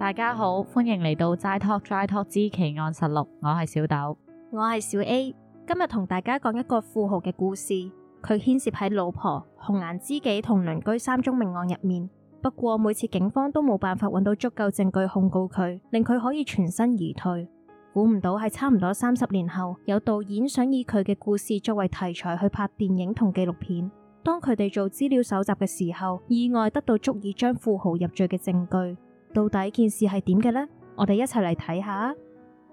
大家好，歡迎嚟到《齋 talk 齋 talk 之奇案實錄》，我係小豆，我係小 A。今日同大家講一個富豪嘅故事，佢牽涉喺老婆、紅顏知己同鄰居三宗命案入面。不過每次警方都冇辦法揾到足夠證據控告佢，令佢可以全身而退。估唔到係差唔多三十年後，有導演想以佢嘅故事作為題材去拍電影同紀錄片。當佢哋做資料搜集嘅時候，意外得到足以將富豪入罪嘅證據。到底件事係點嘅呢？我哋一齊嚟睇下。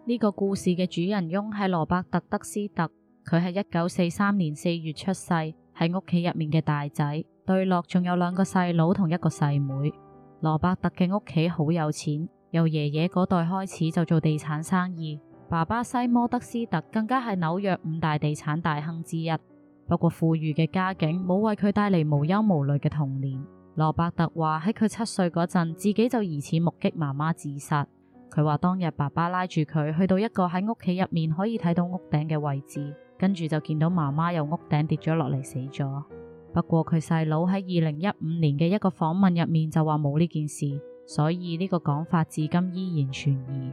呢個故事嘅主人翁係羅伯特德斯特，佢係一九四三年四月出世，喺屋企入面嘅大仔，對落仲有兩個細佬同一個細妹。羅伯特嘅屋企好有錢，由爺爺嗰代開始就做地產生意，爸爸西摩德斯特更加係紐約五大地產大亨之一。不過富裕嘅家境冇為佢帶嚟無憂無慮嘅童年。羅伯特話喺佢七歲嗰陣，自己就疑似目擊媽媽自殺。佢話當日爸爸拉住佢去到一個喺屋企入面可以睇到屋頂嘅位置，跟住就見到媽媽由屋頂跌咗落嚟死咗。不過佢細佬喺二零一五年嘅一個訪問入面就話冇呢件事，所以呢個講法至今依然存疑。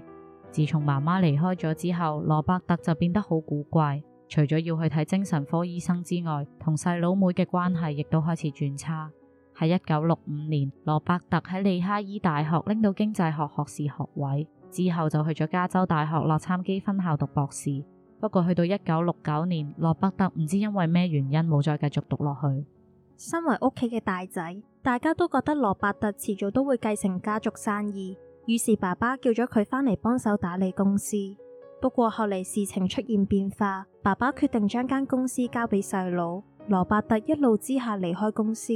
自從媽媽離開咗之後，羅伯特就變得好古怪，除咗要去睇精神科醫生之外，同細佬妹嘅關係亦都開始轉差。喺一九六五年，羅伯特喺利哈伊大學拎到經濟學學士學位，之後就去咗加州大學洛杉磯分校讀博士。不過去到一九六九年，羅伯特唔知因為咩原因冇再繼續讀落去。身為屋企嘅大仔，大家都覺得羅伯特遲早都會繼承家族生意，於是爸爸叫咗佢返嚟幫手打理公司。不過後嚟事情出現變化，爸爸決定將間公司交俾細佬，羅伯特一怒之下離開公司。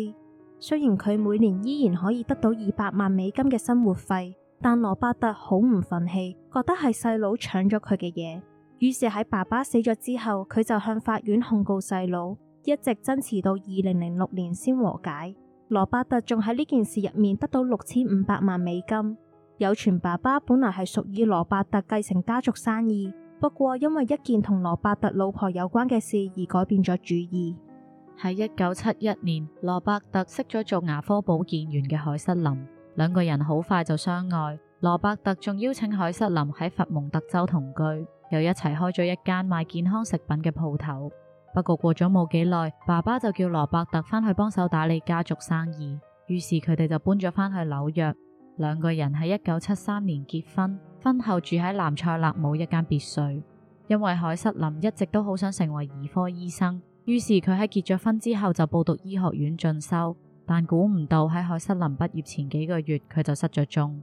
雖然佢每年依然可以得到二百萬美金嘅生活費，但羅伯特好唔忿氣，覺得係細佬搶咗佢嘅嘢，於是喺爸爸死咗之後，佢就向法院控告細佬，一直爭持到二零零六年先和解。羅伯特仲喺呢件事入面得到六千五百萬美金。有傳爸爸本來係屬於羅伯特繼承家族生意，不過因為一件同羅伯特老婆有關嘅事而改變咗主意。喺一九七一年，羅伯特識咗做牙科保健員嘅海瑟琳。兩個人好快就相愛。羅伯特仲邀請海瑟琳喺佛蒙特州同居，又一齊開咗一間賣健康食品嘅鋪頭。不過過咗冇幾耐，爸爸就叫羅伯特返去幫手打理家族生意，於是佢哋就搬咗返去紐約。兩個人喺一九七三年結婚，婚後住喺南塞納姆一間別墅。因為海瑟琳一直都好想成為兒科醫生。於是佢喺結咗婚之後就報讀醫學院進修，但估唔到喺海瑟琳畢業前幾個月佢就失咗蹤。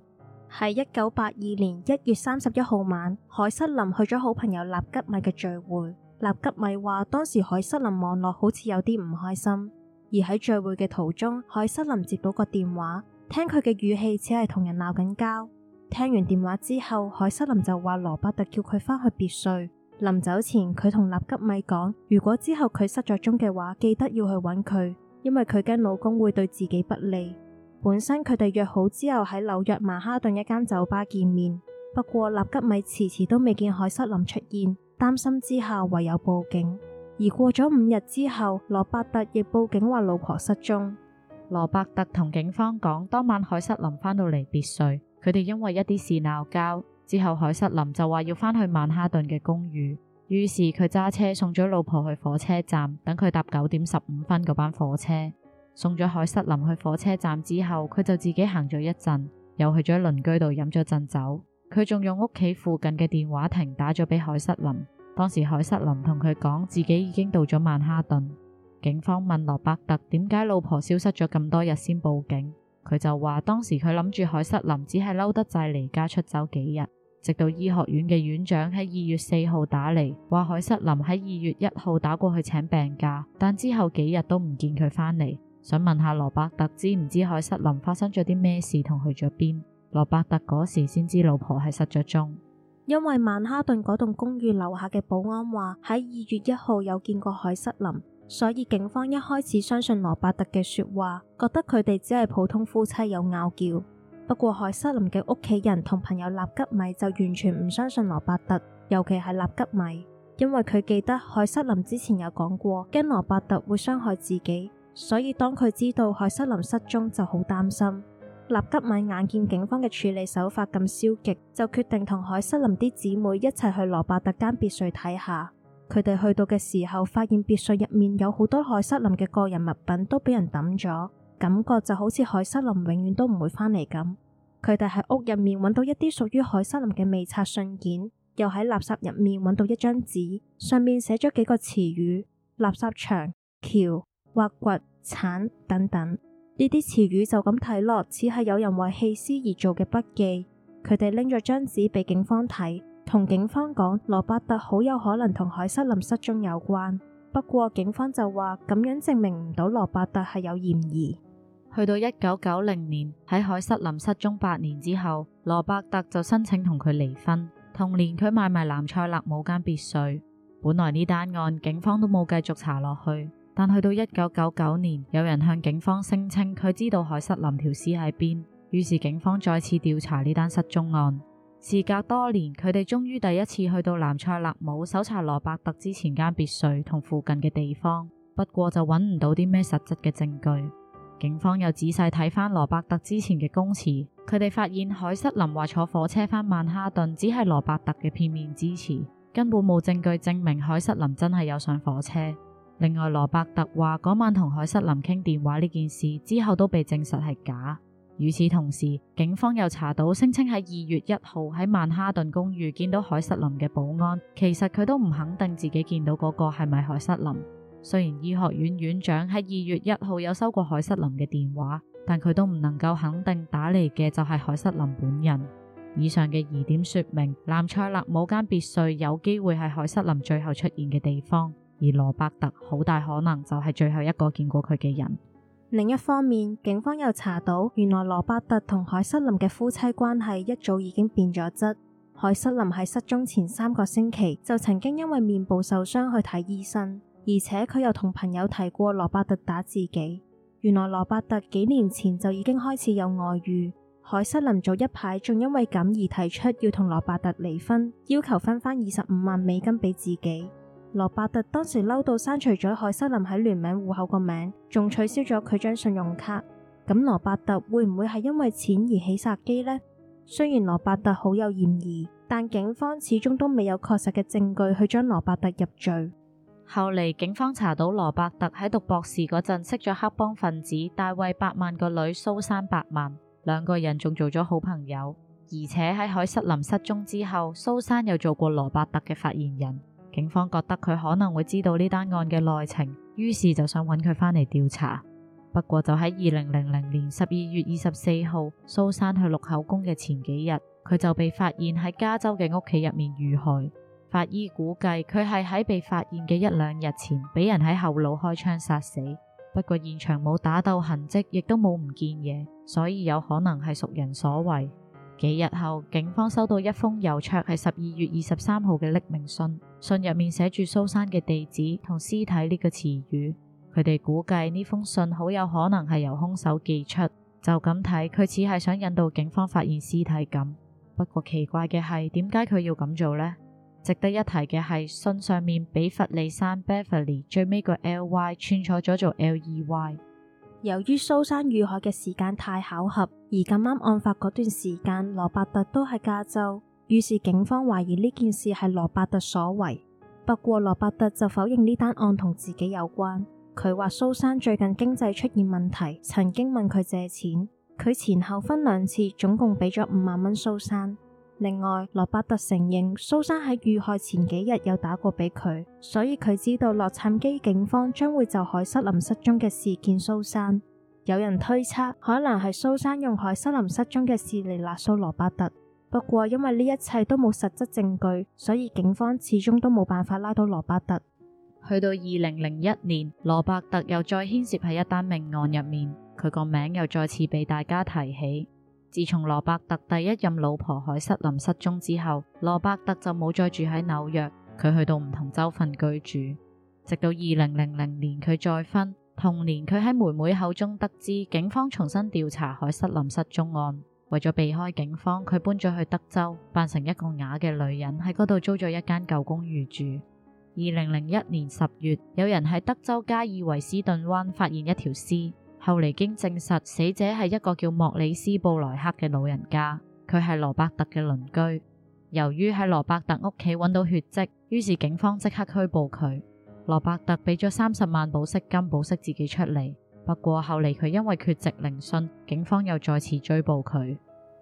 喺一九八二年一月三十一號晚，海瑟琳去咗好朋友納吉米嘅聚會。納吉米話當時海瑟琳望落好似有啲唔開心，而喺聚會嘅途中，海瑟琳接到個電話，聽佢嘅語氣似係同人鬧緊交。聽完電話之後，海瑟琳就話羅伯特叫佢返去別墅。臨走前，佢同納吉米講，如果之後佢失咗蹤嘅話，記得要去搵佢，因為佢嘅老公會對自己不利。本身佢哋約好之後喺紐約曼哈頓一間酒吧見面，不過納吉米遲遲，遲都未見海瑟琳出現，擔心之下唯有報警。而過咗五日之後，羅伯特亦報警話老婆失蹤。羅伯特同警方講，當晚海瑟琳返到嚟別墅，佢哋因為一啲事鬧交。之後海瑟琳就話要返去曼哈頓嘅公寓，於是佢揸車送咗老婆去火車站，等佢搭九點十五分嗰班火車。送咗海瑟琳去火車站之後，佢就自己行咗一陣，又去咗鄰居度飲咗陣酒。佢仲用屋企附近嘅電話亭打咗俾海瑟琳。當時海瑟琳同佢講自己已經到咗曼哈頓。警方問羅伯特點解老婆消失咗咁多日先報警，佢就話當時佢諗住海瑟琳只係嬲得滯，離家出走幾日。直到醫學院嘅院長喺二月四號打嚟，話海瑟琳喺二月一號打過去請病假，但之後幾日都唔見佢返嚟，想問下羅伯特知唔知海瑟琳發生咗啲咩事同去咗邊。羅伯特嗰時先知老婆係失咗蹤，因為曼哈頓嗰棟公寓樓下嘅保安話喺二月一號有見過海瑟琳，所以警方一開始相信羅伯特嘅說話，覺得佢哋只係普通夫妻有拗撬。不過海瑟琳嘅屋企人同朋友納吉米就完全唔相信羅伯特，尤其係納吉米，因為佢記得海瑟琳之前有講過，驚羅伯特會傷害自己，所以當佢知道海瑟琳失蹤就好擔心。納吉米眼見警方嘅處理手法咁消極，就決定同海瑟琳啲姊妹一齊去羅伯特間別墅睇下。佢哋去到嘅時候，發現別墅入面有好多海瑟琳嘅個人物品都俾人抌咗。感覺就好似海瑟琳永遠都唔會返嚟咁。佢哋喺屋入面揾到一啲屬於海瑟琳嘅未拆信件，又喺垃圾入面揾到一張紙，上面寫咗幾個詞語：垃圾場、橋、挖掘、鏟等等。呢啲詞語就咁睇落，似係有人為棄屍而做嘅筆記。佢哋拎咗張紙俾警方睇，同警方講羅伯特好有可能同海瑟琳失蹤有關。不過警方就話咁樣證明唔到羅伯特係有嫌疑。去到一九九零年，喺海瑟林失蹤八年之後，羅伯特就申請同佢離婚。同年，佢賣埋南塞勒姆間別墅。本來呢單案警方都冇繼續查落去，但去到一九九九年，有人向警方聲稱佢知道海瑟林條屍喺邊，於是警方再次調查呢單失蹤案。時隔多年，佢哋終於第一次去到南塞勒姆搜查羅伯特之前間別墅同附近嘅地方，不過就揾唔到啲咩實質嘅證據。警方又仔細睇翻羅伯特之前嘅供詞，佢哋發現海瑟琳話坐火車返曼哈頓只係羅伯特嘅片面之詞，根本冇證據證明海瑟琳真係有上火車。另外，羅伯特話嗰晚同海瑟琳傾電話呢件事之後都被證實係假。與此同時，警方又查到聲稱喺二月一號喺曼哈頓公寓見到海瑟琳嘅保安，其實佢都唔肯定自己見到嗰個係咪海瑟琳。雖然醫學院院長喺二月一號有收過凱瑟琳嘅電話，但佢都唔能夠肯定打嚟嘅就係凱瑟琳本人。以上嘅疑點說明，南塞勒姆間別墅有機會係凱瑟琳最後出現嘅地方，而羅伯特好大可能就係最後一個見過佢嘅人。另一方面，警方又查到，原來羅伯特同凱瑟琳嘅夫妻關係一早已經變咗質。凱瑟琳喺失蹤前三個星期就曾經因為面部受傷去睇醫生。而且佢又同朋友提過羅伯特打自己，原來羅伯特幾年前就已經開始有外遇。海瑟林早一排仲因為咁而提出要同羅伯特離婚，要求分翻二十五萬美金俾自己。羅伯特當時嬲到刪除咗海瑟林喺聯名戶口個名，仲取消咗佢張信用卡。咁羅伯特會唔會係因為錢而起殺機呢？雖然羅伯特好有嫌疑，但警方始終都未有確實嘅證據去將羅伯特入罪。後嚟警方查到羅伯特喺讀博士嗰陣識咗黑幫分子大衛百萬個女蘇珊百萬，兩個人仲做咗好朋友。而且喺海瑟琳失蹤之後，蘇珊又做過羅伯特嘅發言人。警方覺得佢可能會知道呢單案嘅內情，於是就想揾佢翻嚟調查。不過就喺二零零零年十二月二十四號，蘇珊去錄口供嘅前幾日，佢就被發現喺加州嘅屋企入面遇害。法醫估計佢係喺被發現嘅一兩日前，俾人喺後腦開槍殺死。不過現場冇打鬥痕迹，亦都冇唔見嘢，所以有可能係熟人所為。幾日後，警方收到一封郵戳係十二月二十三號嘅匿名信，信入面寫住蘇珊嘅地址同屍體呢個詞語。佢哋估計呢封信好有可能係由凶手寄出。就咁睇，佢似係想引導警方發現屍體咁。不過奇怪嘅係，點解佢要咁做呢？值得一提嘅係，信上面比佛利山 Beverly 最尾個 L Y 串錯咗做 L E Y。由於蘇珊遇害嘅時間太巧合，而咁啱案發嗰段時間羅伯特都喺加州，於是警方懷疑呢件事係羅伯特所為。不過羅伯特就否認呢單案同自己有關。佢話蘇珊最近經濟出現問題，曾經問佢借錢，佢前後分兩次總共俾咗五萬蚊蘇珊。另外，羅伯特承認蘇珊喺遇害前幾日有打過俾佢，所以佢知道洛杉磯警方將會就海瑟琳失蹤嘅事見蘇珊。有人推測，可能係蘇珊用海瑟琳失蹤嘅事嚟勒索羅伯特。不過，因為呢一切都冇實質證據，所以警方始終都冇辦法拉到羅伯特。去到二零零一年，羅伯特又再牽涉喺一單命案入面，佢個名又再次被大家提起。自從羅伯特第一任老婆海瑟琳失蹤之後，羅伯特就冇再住喺紐約，佢去到唔同州份居住。直到二零零零年佢再婚，同年佢喺妹妹口中得知警方重新調查海瑟琳失蹤案，為咗避開警方，佢搬咗去德州，扮成一個啞嘅女人喺嗰度租咗一間舊公寓住。二零零一年十月，有人喺德州加爾維斯頓灣發現一條屍。後嚟經證實，死者係一個叫莫里斯布萊克嘅老人家，佢係羅伯特嘅鄰居。由於喺羅伯特屋企揾到血跡，於是警方即刻拘捕佢。羅伯特俾咗三十萬保釋金，保釋自己出嚟。不過後嚟佢因為缺席聆訊，警方又再次追捕佢。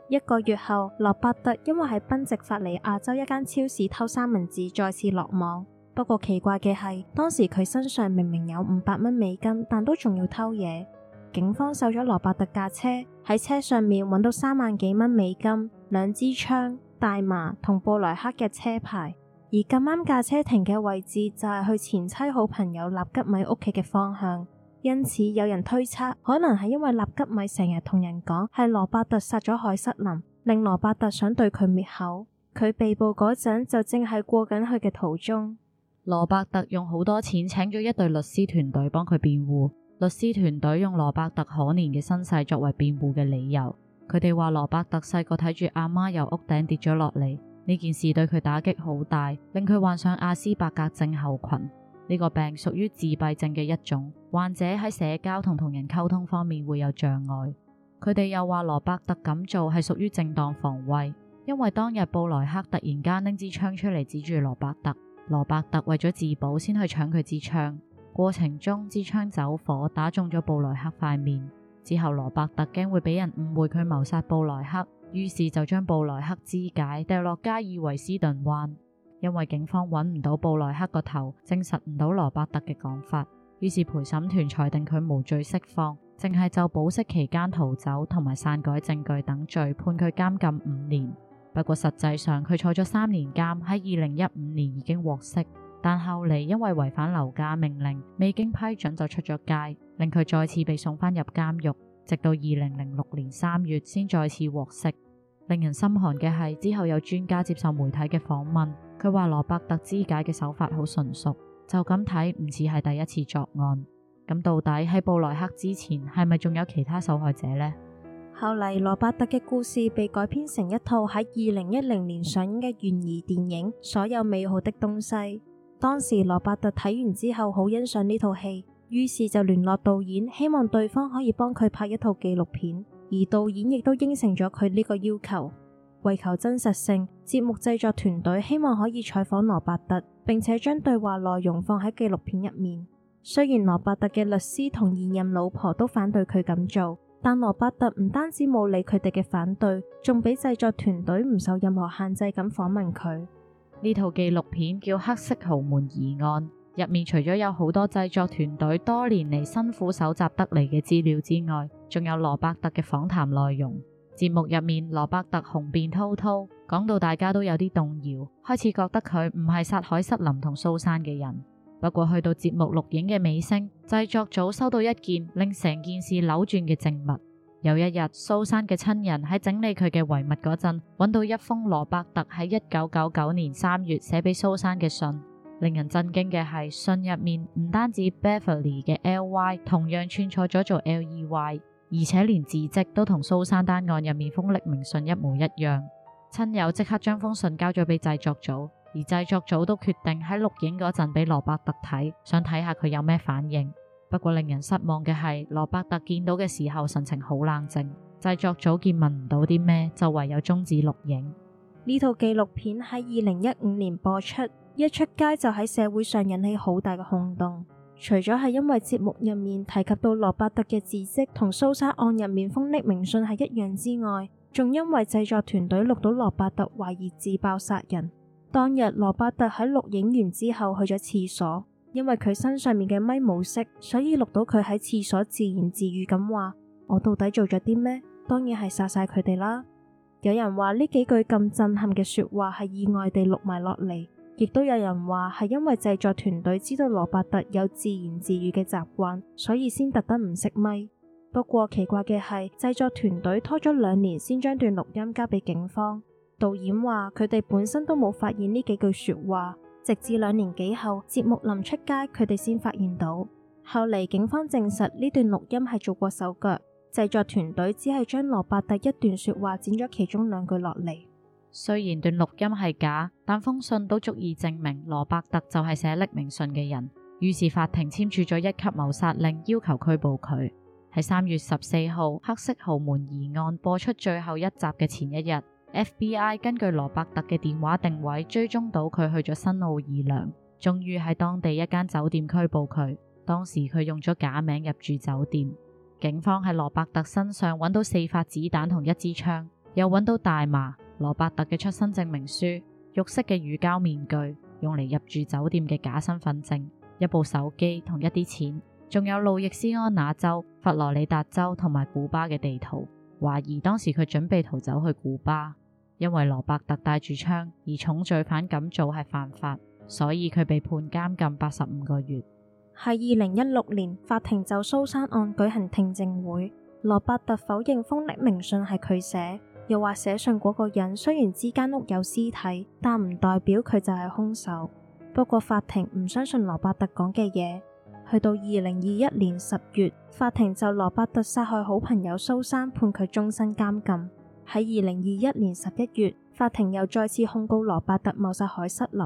一個月後，羅伯特因為喺賓夕法尼亞州一間超市偷三文治，再次落網。不過奇怪嘅係，當時佢身上明明有五百蚊美金，但都仲要偷嘢。警方搜咗羅伯特架車，喺車上面，揾到三萬幾蚊美金、兩支槍、大麻同布萊克嘅車牌。而咁啱架車停嘅位置就係去前妻好朋友納吉米屋企嘅方向，因此有人推測可能係因為納吉米成日同人講係羅伯特殺咗海瑟林，令羅伯特想對佢滅口。佢被捕嗰陣就正係過緊去嘅途中。羅伯特用好多錢請咗一隊律師團隊幫佢辯護。律師團隊用羅伯特可憐嘅身世作為辯護嘅理由，佢哋話羅伯特細個睇住阿媽由屋頂跌咗落嚟，呢件事對佢打擊好大，令佢患上阿斯伯格症候群。呢個病屬於自閉症嘅一種，患者喺社交同同人溝通方面會有障礙。佢哋又話羅伯特咁做係屬於正當防衛，因為當日布萊克突然間拎支槍出嚟指住羅伯特，羅伯特為咗自保先去搶佢支槍。過程中支槍走火打中咗布萊克塊面之後，羅伯特驚會俾人誤會佢謀殺布萊克，於是就將布萊克肢解掉落加爾維斯頓灣。因為警方搵唔到布萊克個頭，證實唔到羅伯特嘅講法，於是陪審團裁定佢無罪釋放，淨係就保釋期間逃走同埋篡改證據等罪判佢監禁五年。不過實際上佢坐咗三年監，喺二零一五年已經獲釋。但後嚟因為違反留家命令，未經批准就出咗街，令佢再次被送返入監獄，直到二零零六年三月先再次獲釋。令人心寒嘅係，之後有專家接受媒體嘅訪問，佢話羅伯特肢解嘅手法好純熟，就咁睇唔似係第一次作案。咁到底喺布萊克之前係咪仲有其他受害者呢？後嚟羅伯特嘅故事被改編成一套喺二零一零年上映嘅懸疑電影《所有美好的東西》。當時羅伯特睇完之後好欣賞呢套戲，於是就聯絡導演，希望對方可以幫佢拍一套紀錄片。而導演亦都應承咗佢呢個要求。為求真實性，節目製作團隊希望可以採訪羅伯特，並且將對話內容放喺紀錄片入面。雖然羅伯特嘅律師同現任老婆都反對佢咁做，但羅伯特唔單止冇理佢哋嘅反對，仲俾製作團隊唔受任何限制咁訪問佢。呢套紀錄片叫《黑色豪門疑案》，入面除咗有好多製作團隊多年嚟辛苦蒐集得嚟嘅資料之外，仲有羅伯特嘅訪談內容。節目入面，羅伯特雄辯滔滔，講到大家都有啲動搖，開始覺得佢唔係殺海瑟琳同蘇珊嘅人。不過去到節目錄影嘅尾聲，製作組收到一件令成件事扭轉嘅證物。有一日，蘇珊嘅親人喺整理佢嘅遺物嗰陣，搵到一封羅伯特喺一九九九年三月寫俾蘇珊嘅信。令人震驚嘅係，信入面唔單止 Beverly 嘅 L Y 同樣串錯咗做 L E Y，而且連字跡都同蘇珊單案入面封匿名信一模一樣。親友即刻將封信交咗俾製作組，而製作組都決定喺錄影嗰陣俾羅伯特睇，想睇下佢有咩反應。不過令人失望嘅係，羅伯特見到嘅時候神情好冷靜，製作組見問唔到啲咩，就唯有終止錄影。呢套紀錄片喺二零一五年播出，一出街就喺社會上引起好大嘅轟動。除咗係因為節目入面提及到羅伯特嘅字跡同蘇珊案入面封匿名信係一樣之外，仲因為製作團隊錄到羅伯特懷疑自爆殺人。當日，羅伯特喺錄影完之後去咗廁所。因為佢身上面嘅咪冇熄，所以錄到佢喺廁所自言自語咁話：我到底做咗啲咩？當然係殺晒佢哋啦！有人話呢幾句咁震撼嘅說話係意外地錄埋落嚟，亦都有人話係因為製作團隊知道羅伯特有自言自語嘅習慣，所以先特登唔熄咪。不過奇怪嘅係，製作團隊拖咗兩年先將段錄音交俾警方，導演話佢哋本身都冇發現呢幾句說話。直至兩年幾後，節目臨出街，佢哋先發現到。後嚟警方證實呢段錄音係做過手腳，製作團隊只係將羅伯特一段說話剪咗其中兩句落嚟。雖然段錄音係假，但封信都足以證明羅伯特就係寫匿名信嘅人。於是法庭簽署咗一級謀殺令，要求拘捕佢。喺三月十四號《黑色豪門疑案》播出最後一集嘅前一日。FBI 根據羅伯特嘅電話定位追蹤到佢去咗新奧爾良，終於喺當地一間酒店拘捕佢。當時佢用咗假名入住酒店，警方喺羅伯特身上揾到四發子彈同一支槍，又揾到大麻、羅伯特嘅出生證明書、肉色嘅乳膠面具，用嚟入住酒店嘅假身份證、一部手機同一啲錢，仲有路易斯安那州、佛羅里達州同埋古巴嘅地圖，懷疑當時佢準備逃走去古巴。因為羅伯特帶住槍，而重罪犯咁做係犯法，所以佢被判監禁八十五個月。喺二零一六年，法庭就蘇珊案舉行聽證會，羅伯特否認封匿名信係佢寫，又話寫信嗰個人雖然之間屋有屍體，但唔代表佢就係兇手。不過法庭唔相信羅伯特講嘅嘢。去到二零二一年十月，法庭就羅伯特殺害好朋友蘇珊判佢終身監禁。喺二零二一年十一月，法庭又再次控告羅伯特謀殺海瑟林。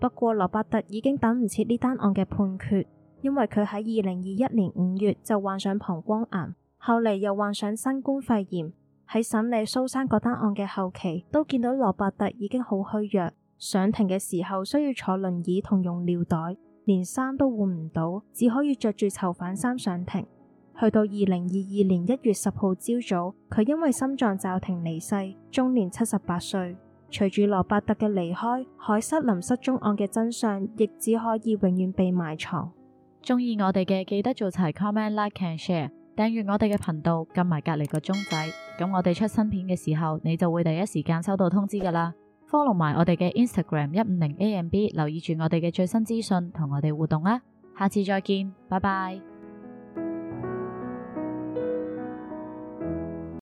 不過羅伯特已經等唔切呢單案嘅判決，因為佢喺二零二一年五月就患上膀胱癌，後嚟又患上新冠肺炎。喺審理蘇珊嗰單案嘅後期，都見到羅伯特已經好虛弱，上庭嘅時候需要坐輪椅同用尿袋，連衫都換唔到，只可以着住囚犯衫上庭。去到二零二二年一月十號朝早，佢因為心臟驟停離世，終年七十八歲。隨住羅伯特嘅離開，海瑟林失蹤案嘅真相亦只可以永遠被埋藏。鍾意我哋嘅記得做齊 comment、like、and share，訂閱我哋嘅頻道，撳埋隔籬個鐘仔，咁我哋出新片嘅時候，你就會第一時間收到通知㗎喇。follow 埋我哋嘅 Instagram 一五零 A M B，留意住我哋嘅最新資訊，同我哋互動啦、啊。下次再見，拜拜。